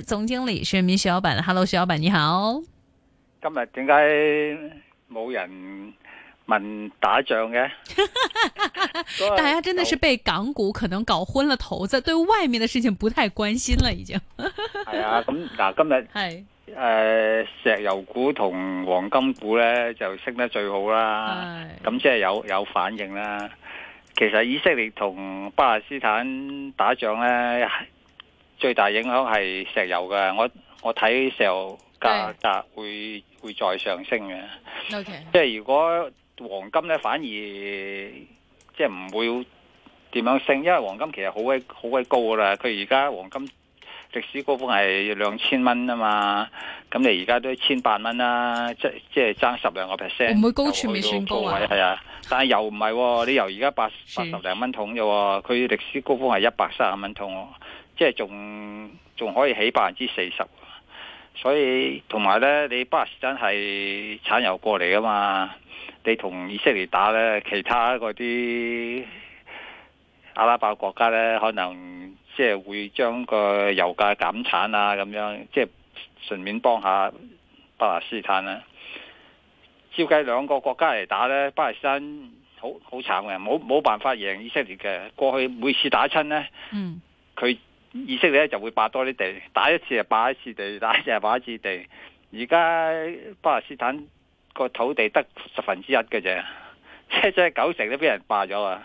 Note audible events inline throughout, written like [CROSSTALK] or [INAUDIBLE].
總經理徐潤民，徐老闆，Hello，徐老闆你好。今日點解冇人問打仗嘅？ [LAUGHS] [LAUGHS] 大家真的是被港股可能搞昏了頭子， [LAUGHS] 對外面的事情不太關心了，已經。係 [LAUGHS] 啊、哎、咁、嗯、嗱，今日係誒石油股同黃金股咧就升得最好啦，咁即係有有反應啦。其實以色列同巴勒斯坦打仗咧。最大影響係石油嘅，我我睇石油價格會的會再上升嘅。Okay. 即係如果黃金咧，反而即係唔會點樣升，因為黃金其實好鬼好鬼高噶啦。佢而家黃金歷史高峰係兩千蚊啊嘛，咁你而家都千八蚊啦，即即係爭十兩個 percent。唔會高處未算高啊？係啊，但係又唔係喎，你油而家八八十零蚊桶啫喎，佢的歷史高峰係一百三十蚊桶。即係仲仲可以起百分之四十，所以同埋呢，你巴勒斯坦係產油過嚟啊嘛？你同以色列打呢，其他嗰啲阿拉伯國家呢，可能即係會將個油價減產啊，咁樣即係順便幫下巴勒斯坦啦。照計兩個國家嚟打呢，巴勒斯坦好好慘嘅，冇冇辦法贏以色列嘅。過去每次打親呢，佢、嗯。以色列咧就會霸多啲地，打一次就霸一次地，打一次就霸一次地。而家巴勒斯坦個土地得十分之一嘅啫，即、就、即、是、九成都俾人霸咗啊！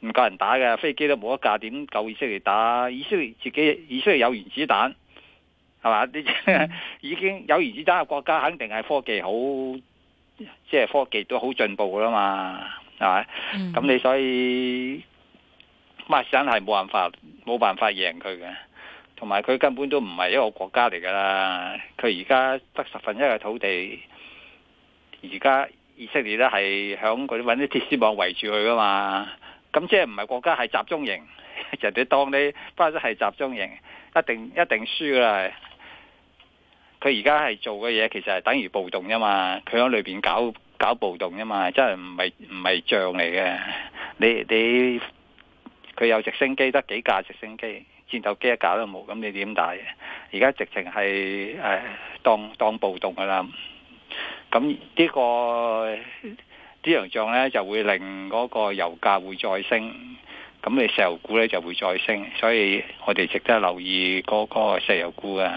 唔夠人打嘅，飛機都冇一架，點夠以色列打？以色列自己以色列有原子彈，係嘛？嗯、 [LAUGHS] 已經有原子彈嘅國家，肯定係科技好，即、就、係、是、科技都好進步啦嘛，係咪？咁、嗯、你所以。巴申係冇辦法，冇辦法贏佢嘅，同埋佢根本都唔係一個國家嚟噶啦，佢而家得十分一嘅土地，而家以色列都係響嗰啲搵啲鐵絲網圍住佢噶嘛，咁即係唔係國家，係集中營，人哋當你巴申係集中營，一定一定輸噶啦，佢而家係做嘅嘢其實係等於暴動噶嘛，佢響裏邊搞搞暴動噶嘛，真係唔係，唔係仗嚟嘅，你你。佢有直升機，得幾架直升機，戰鬥機一架都冇，咁你點打？而家直情係誒，當當暴動噶啦。咁呢、呢個啲油仗呢，就會令嗰個油價會再升，咁你石油股呢，就會再升，所以我哋值得留意嗰、嗰個嗰個石油股啊。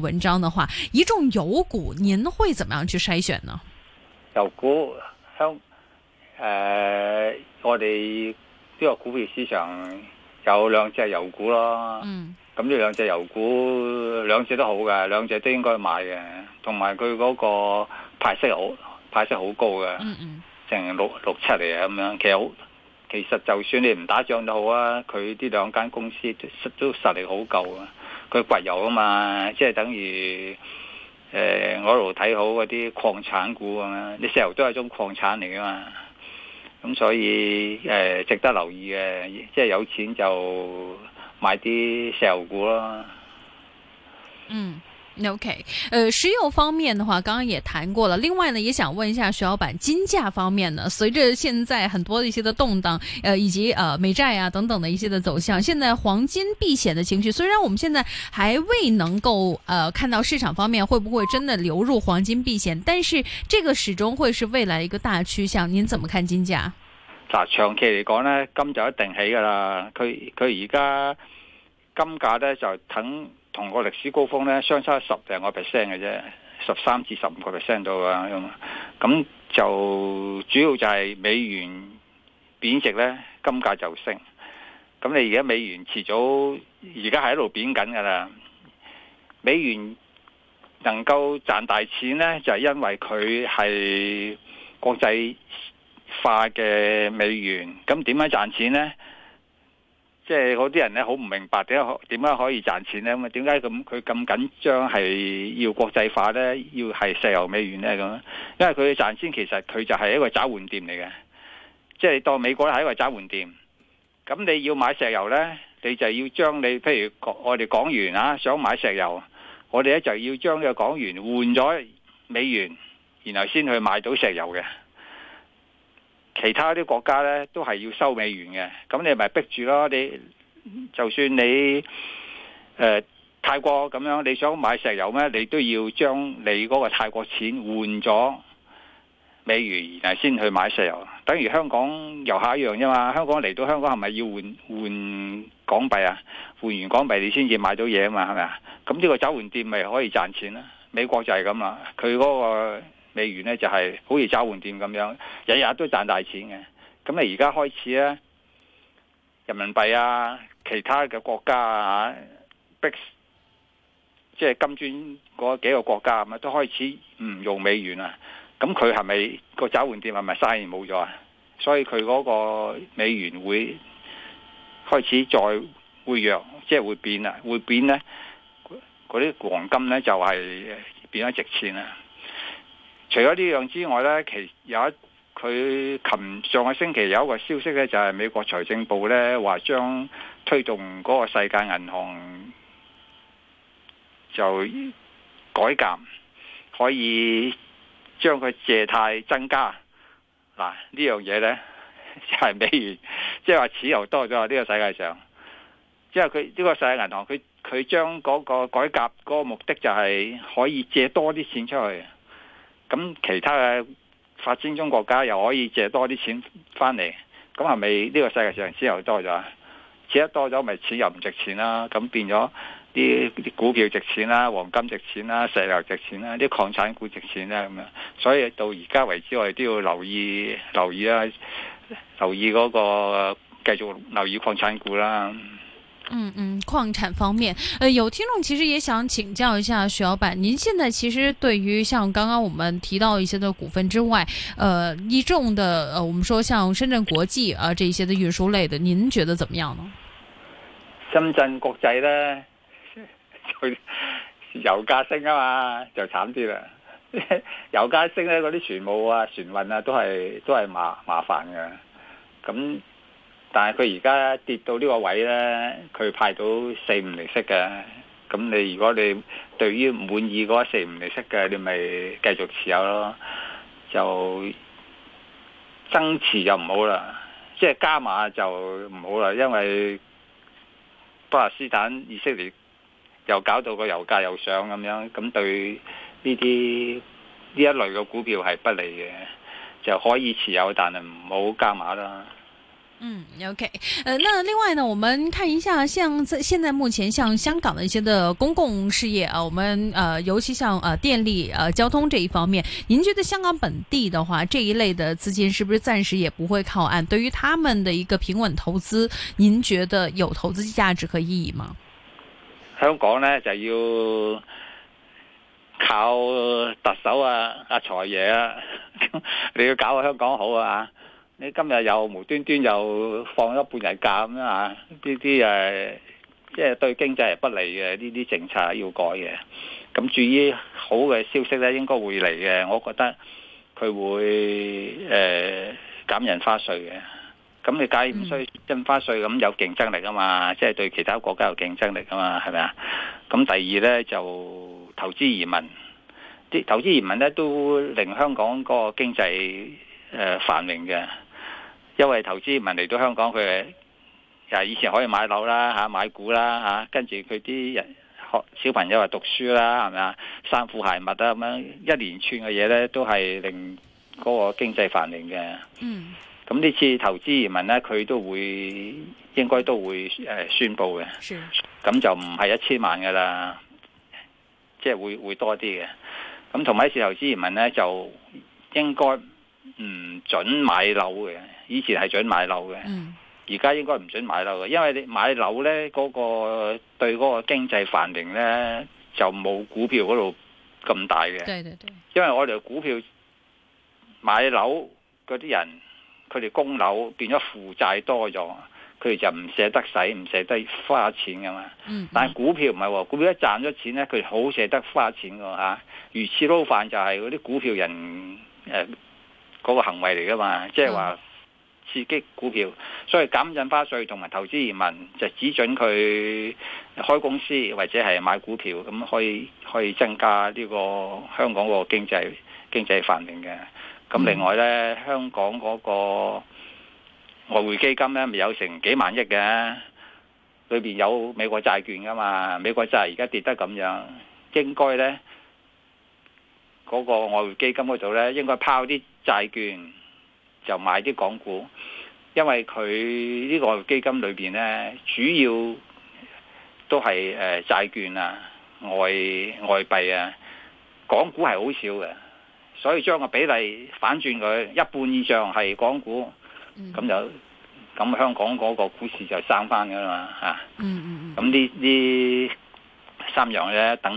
文章的話，一眾油股，您會怎麼樣去篩選呢？油股香，誒、呃，我哋呢個股票市場有兩隻油股咯。嗯。咁呢兩隻油股，兩隻都好嘅，兩隻都應該買嘅。同埋佢嗰個派息好，派息好高嘅。嗯嗯。成六六七嚟啊，咁樣其實其實就算你唔打仗都好啊，佢呢兩間公司都，都實力好夠啊。佢掘油啊嘛，即係等於誒、呃，我路，一路睇好嗰啲礦產股啊嘛，啲石油都係一種礦產嚟噶嘛，咁所以誒、呃，值得留意嘅，即係有錢就買啲石油股咯。嗯。OK，呃，石油方面的話，剛剛也談過了。另外呢，也想問一下徐老闆，金價方面呢，隨着現在很多的一些的動盪，呃，以及呃，美債啊等等的一些的走向，現在黃金避險的情緒，雖然我們現在還未能夠呃看到市場方面會不會真的流入黃金避險，但是這個始終會是未來一個大趨向。您怎麼看金價？嗱，長期嚟講呢，金就一定起㗎喇。佢佢而家金價呢，就等。同個歷史高峰咧相差十幾個 percent 嘅啫，十三至十五個 percent 到啊，咁，就主要就係美元貶值咧，金價就升。咁你而家美元遲早而家係一路貶緊㗎啦，美元能夠賺大錢咧，就係因為佢係國際化嘅美元。咁點樣賺錢咧？即係嗰啲人咧，好唔明白點解點解可以賺錢咧？咁啊，點解咁佢咁緊張係要國際化咧？要係石油美元咧咁？因為佢賺錢其實佢就係一個找換店嚟嘅，即係當美國咧係一個找換店。咁你要買石油咧，你就要將你譬如我哋港元啊，想買石油，我哋咧就要將呢個港元換咗美元，然後先去買到石油嘅。其他啲國家呢都係要收美元嘅，咁你咪逼住咯。你就算你誒、呃、泰國咁樣，你想買石油咩？你都要將你嗰個泰國錢換咗美元，然後先去買石油。等於香港又係一樣啫嘛。香港嚟到香港係咪要換換港幣啊？換完港幣你先至買到嘢啊嘛，係咪啊？咁呢個找換店咪可以賺錢啦。美國就係咁啦，佢嗰個。美元咧就係好似找換店咁樣，日日都賺大錢嘅。咁你而家開始咧，人民幣啊，其他嘅國家啊，即係金磚嗰幾個國家咁啊，都開始唔用美元啦。咁佢係咪個找換店係咪生意冇咗啊？所以佢嗰個美元會開始再匯弱，即係會變啦。會變咧，嗰啲黃金咧就係變咗值錢啦。除咗呢樣之外呢，其有一佢琴上個星期有一個消息呢，就係美國財政部呢話，將推動嗰個世界銀行就改革，可以將佢借貸增加。嗱，呢樣嘢呢，就係比如，即係話錢又多咗喺呢個世界上。因為佢呢個世界銀行，佢佢將嗰個改革嗰個目的就係可以借多啲錢出去。咁其他嘅發展中國家又可以借多啲錢翻嚟，咁係咪呢個世界上錢又多咗？借得多咗咪錢又唔值錢啦？咁變咗啲啲股票值錢啦，黃金值錢啦，石油值錢啦，啲礦產股值錢啦咁樣。所以到而家為止，我哋都要留意留意啦，留意嗰、啊嗰個繼續留意礦產股啦。嗯嗯，礦產方面，誒、呃，有聽眾其實也想請教一下徐老闆，您現在其實對於像剛剛我們提到一些的股份之外，誒、呃，一眾的，誒、呃，我們說像深圳國際啊，這些的運輸類的，您覺得怎麼樣呢？深圳國際咧， [LAUGHS] 就油價升啊嘛，就慘啲啦。 [LAUGHS] 油價升呢，嗰啲船務啊、船運啊，都係都係麻麻煩嘅，咁。但係佢而家跌到呢個位呢，佢派到四五利息嘅，咁你如果你對於滿意嗰四五利息嘅，你咪繼續持有咯。就增持就唔好啦，即係加碼就唔好啦，因為巴勒斯坦以色列又搞到個油價又上咁樣，咁對呢啲呢一類嘅股票係不利嘅，就可以持有，但係唔好加碼啦。嗯，OK，誒、呃，那另外呢，我們看一下，像在現在目前，像香港的一些的公共事業啊，我們，誒、呃，尤其像，誒、呃，電力、誒、呃，交通這一方面，您覺得香港本地的話，這一類的資金是不是暫時也不會靠岸？對於他們的一個平穩投資，您覺得有投資價值和意義嗎？香港呢，就要靠特首啊，阿財爺啊， [LAUGHS] 你要搞個、啊、香港好啊。你今日又無端端又放咗半日假咁樣啊！呢啲誒，即係對經濟係不利嘅，呢啲政策要改嘅。咁至於好嘅消息咧，應該會嚟嘅。我覺得佢會誒減印花稅嘅。咁你減印花稅咁有競爭力啊嘛，即係對其他國家有競爭力啊嘛，係咪啊？咁第二咧就投資移民，啲投資移民咧都令香港個經濟誒繁榮嘅。因為投資移民嚟到香港，佢係以前可以買樓啦吓，買股啦吓、啊，跟住佢啲人學小朋友啊讀書啦係咪啊，衫褲鞋襪啊咁樣一連串嘅嘢咧，都係令嗰個經濟繁榮嘅。嗯，咁呢次投資移民咧，佢都會應該都會誒宣布嘅。咁就唔係一千萬噶啦，即係會會多啲嘅。咁同埋一次投資移民咧，就應該唔准買樓嘅。以前係準買樓嘅，而家應該唔準買樓嘅，因為你買樓呢，嗰個對嗰個經濟繁榮呢，就冇股票嗰度咁大嘅。因為我哋股票買樓嗰啲人，佢哋供樓變咗負債多咗，佢哋就唔捨得使，唔捨得花錢㗎嘛。但係股票唔係喎，股票一賺咗錢呢，佢好捨得花錢㗎嚇。魚、啊、翅撈飯就係嗰啲股票人誒嗰、啊那個行為嚟㗎嘛，即係話。刺激股票，所以減印花稅同埋投資移民就只準佢開公司或者係買股票，咁可以可以增加呢個香港個經濟經濟繁榮嘅。咁另外呢，香港嗰個外匯基金呢，咪有成幾萬億嘅，裏邊有美國債券㗎嘛？美國債而家跌得咁樣，應該呢嗰個外匯基金嗰度呢，應該拋啲債券。就買啲港股，因為佢呢個基金裏邊咧，主要都係誒債券啊、外外幣啊、港股係好少嘅，所以將個比例反轉佢一半以上係港股，咁就咁香港嗰個股市就升翻㗎喇嘛嚇。嗯嗯嗯。咁呢呢三樣咧，等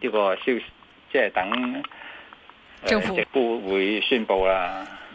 呢個消，即係等政府會宣布啦。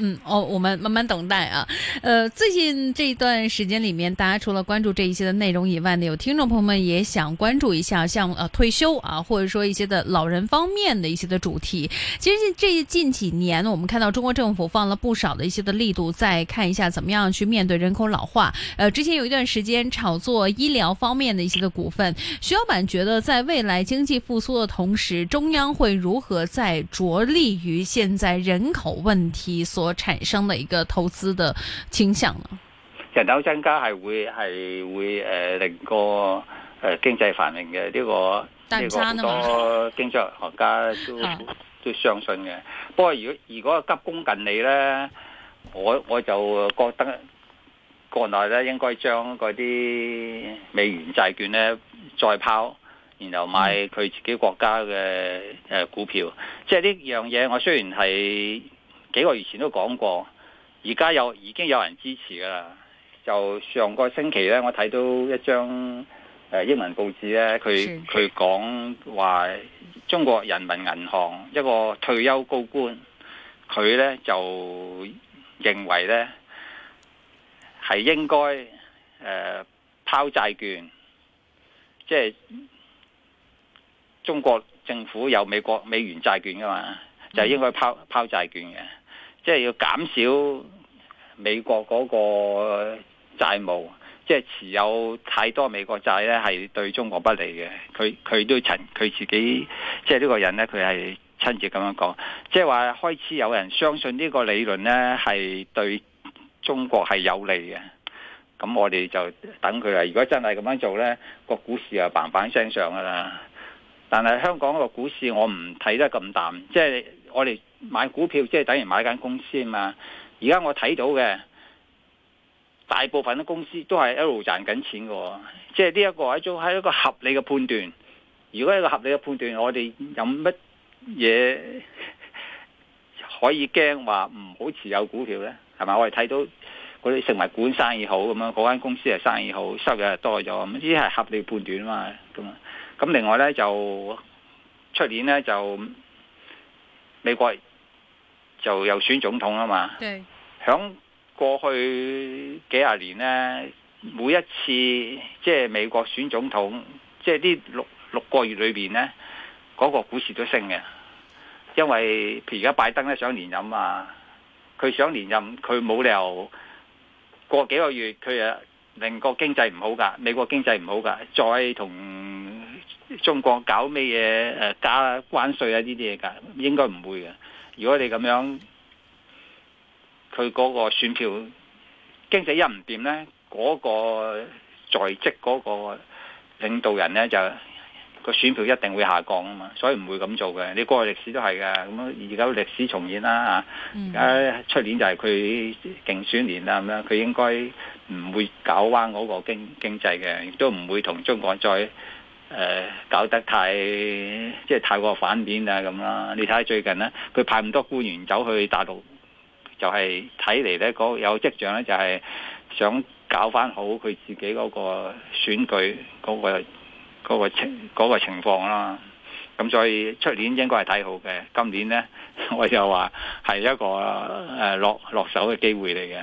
嗯哦，我們慢慢等待啊。呃，最近這一段時間裏面，大家除了關注這一些的內容以外呢，有聽眾朋友們也想關注一下像，像呃退休啊，或者說一些的老人方面的一些的主題。其實這這近幾年，我們看到中國政府放了不少的一些的力度，再看一下怎麼樣去面對人口老化。呃，之前有一段時間炒作醫療方面的一些的股份。徐老闆覺得，在未來經濟復甦的同時，中央會如何在着力於現在人口問題所？產生了一個投資嘅傾，向人口增加係會係會誒、呃、令個誒、呃、經濟繁榮嘅呢個呢但、這個好多經濟學家都、啊、都相信嘅。不過如果如果急功近利咧，我我就覺得國內咧應該將嗰啲美元債券咧再拋，然後買佢自己國家嘅誒、嗯呃、股票。即係呢樣嘢，我雖然係。幾個月前都講過，而家有已經有人支持噶啦。就上個星期咧，我睇到一張誒英文報紙咧，佢佢講話中國人民銀行一個退休高官，佢咧就認為咧係應該誒拋債券，即係中國政府有美國美元債券噶嘛，就係應該拋拋債券嘅。即係要減少美國嗰個債務，即係持有太多美國債呢，係對中國不利嘅。佢佢都親佢自己，即係呢個人呢，佢係親自咁樣講，即係話開始有人相信呢個理論呢，係對中國係有利嘅。咁我哋就等佢啦。如果真係咁樣做呢，個股市又棒棒聲上噶啦。但係香港個股市我唔睇得咁淡，即係。我哋買股票即係等於買間公司啊嘛，而家我睇到嘅大部分啲公司都係一路賺緊錢嘅，即係呢一個係一個合理嘅判斷。如果一個合理嘅判斷，我哋有乜嘢可以驚話唔好持有股票呢？係咪？我哋睇到嗰哋成米管生意好咁樣，嗰間公司係生意好，收入係多咗，咁呢啲係合理判斷啊嘛。咁啊，咁另外呢，就出年呢，就。美國就又選總統啊嘛，響對過去幾廿年呢，每一次即係、就是、美國選總統，即係呢六六個月裏邊呢，嗰、那個股市都升嘅，因為譬如而家拜登咧想連任啊嘛，佢想連任，佢冇理由過幾個月佢又令個經濟唔好噶，美國經濟唔好噶，再同。中國搞咩嘢？誒，加關稅啊呢啲嘢噶，應該唔會嘅。如果你咁樣，佢嗰個選票經濟一唔掂呢，嗰個在職嗰個領導人呢，就個選票一定會下降啊嘛，所以唔會咁做嘅。你過去歷史都係嘅，咁而家歷史重演啦啊！出年就係佢競選年啦，咁樣佢應該唔會搞彎嗰個經經濟嘅，亦都唔會同中國再。誒、呃、搞得太即係太過反面啊咁啦。你睇下最近呢，佢派咁多官員走去大陸，就係睇嚟呢嗰、嗰個、有個跡象呢就係想搞翻好佢自己嗰個選舉嗰、嗰個情嗰、嗰個嗰個嗰個、情況啦。咁所以出年應該係睇好嘅，今年呢，我就話係一個誒、呃、落落手嘅機會嚟嘅。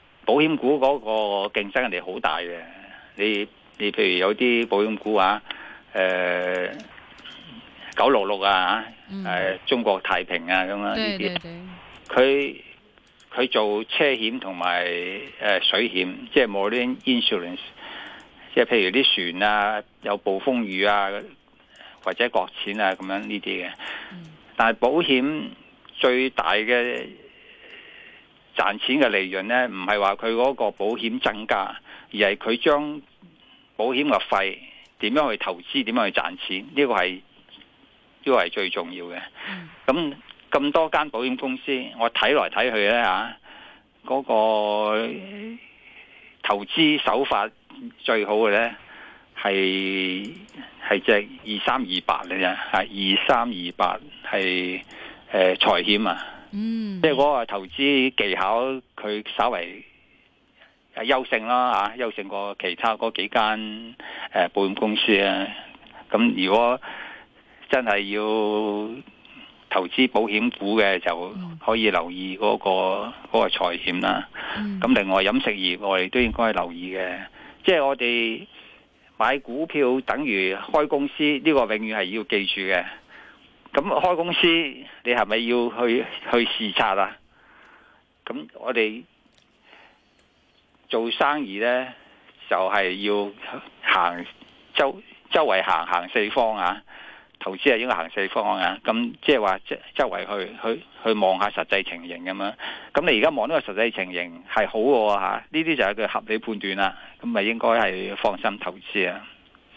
保險股嗰個競爭力好大嘅，你你譬如有啲保險股啊，誒九六六啊，誒、嗯啊、中國太平啊咁樣呢啲。佢佢做車險同埋誒水險，即係冇啲 insurance，即係譬如啲船啊，有暴風雨啊或者擱淺啊咁樣呢啲嘅，但係保險最大嘅。賺錢嘅利潤呢，唔係話佢嗰個保險增加，而係佢將保險嘅費點樣去投資，點樣去賺錢，呢個係呢個係最重要嘅。咁咁多間保險公司，我睇來睇去呢，吓，嗰個投資手法最好嘅呢，係係隻二三二八嚟嘅吓，二三二八係誒財險啊。嗯，即係嗰個投資技巧，佢稍為啊優勝啦啊，優勝過其他嗰幾間誒保險公司啊。咁如果真係要投資保險股嘅，就可以留意嗰個嗰個財險啦。咁、嗯、另外飲食業我哋都應該留意嘅。即係我哋買股票等於開公司，呢、呢個永遠係要記住嘅。咁開公司，你係咪要去去視察啊？咁我哋做生意呢，就係、係、要行周周圍行行四方啊！投資係應該行四方啊！咁即係話周周圍去去去望下實際情形咁、啊、樣。咁你而家望呢個實際情形係好嘅吓、啊，呢啲就係佢合理判斷啦、啊。咁咪應該係放心投資啊！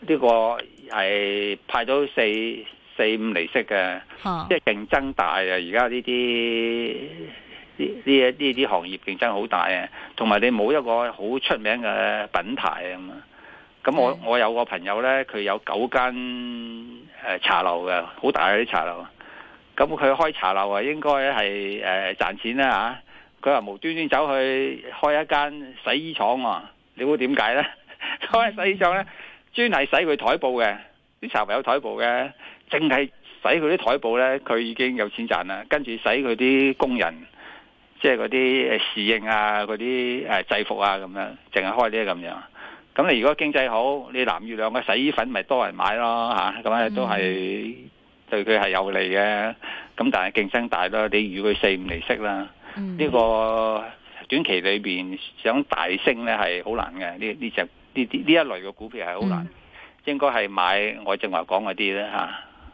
呢個係派到四四五厘息嘅，啊、即係競爭大啊！而家呢啲呢呢啲行業競爭好大啊，同埋你冇一個好出名嘅品牌啊咁啊。咁我是我有個朋友咧，佢有九間誒茶樓嘅，好大嗰啲茶樓。咁佢開茶樓、呃、啊，應該係誒賺錢啦嚇。佢話無端端走去開一間洗衣廠喎、啊，你會點解咧？ [LAUGHS] 開洗衣廠咧？專係使佢台布嘅，啲茶圍有台布嘅。淨係使佢啲台布咧，佢已經有錢賺啦。跟住使佢啲工人，即係嗰啲侍應啊，嗰啲誒制服啊，咁樣淨係開啲咁樣。咁你如果經濟好，你藍月亮嘅洗衣粉咪多人買咯吓，咁咧都係對佢係有利嘅。咁但係競爭大咯，你預佢四五厘息啦。呢個短期裏邊想大升咧係好難嘅呢呢隻。呢一類嘅股票係好難，應該係買我正話講嗰啲咧嚇。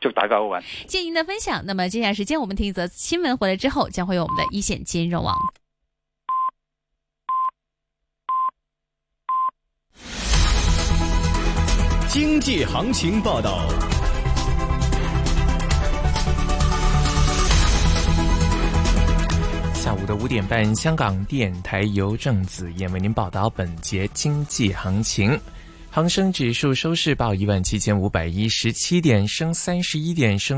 就打攪完，謝謝您的分享。那麼接下來時間，我們聽一則新聞。回來之後，將會有我們的一線金融網經濟行情報道。下午的五點半，香港電台郵政紫燕為您報道本節經濟行情。恒生指數收市報一萬七千五百一十七點，升三十一點升。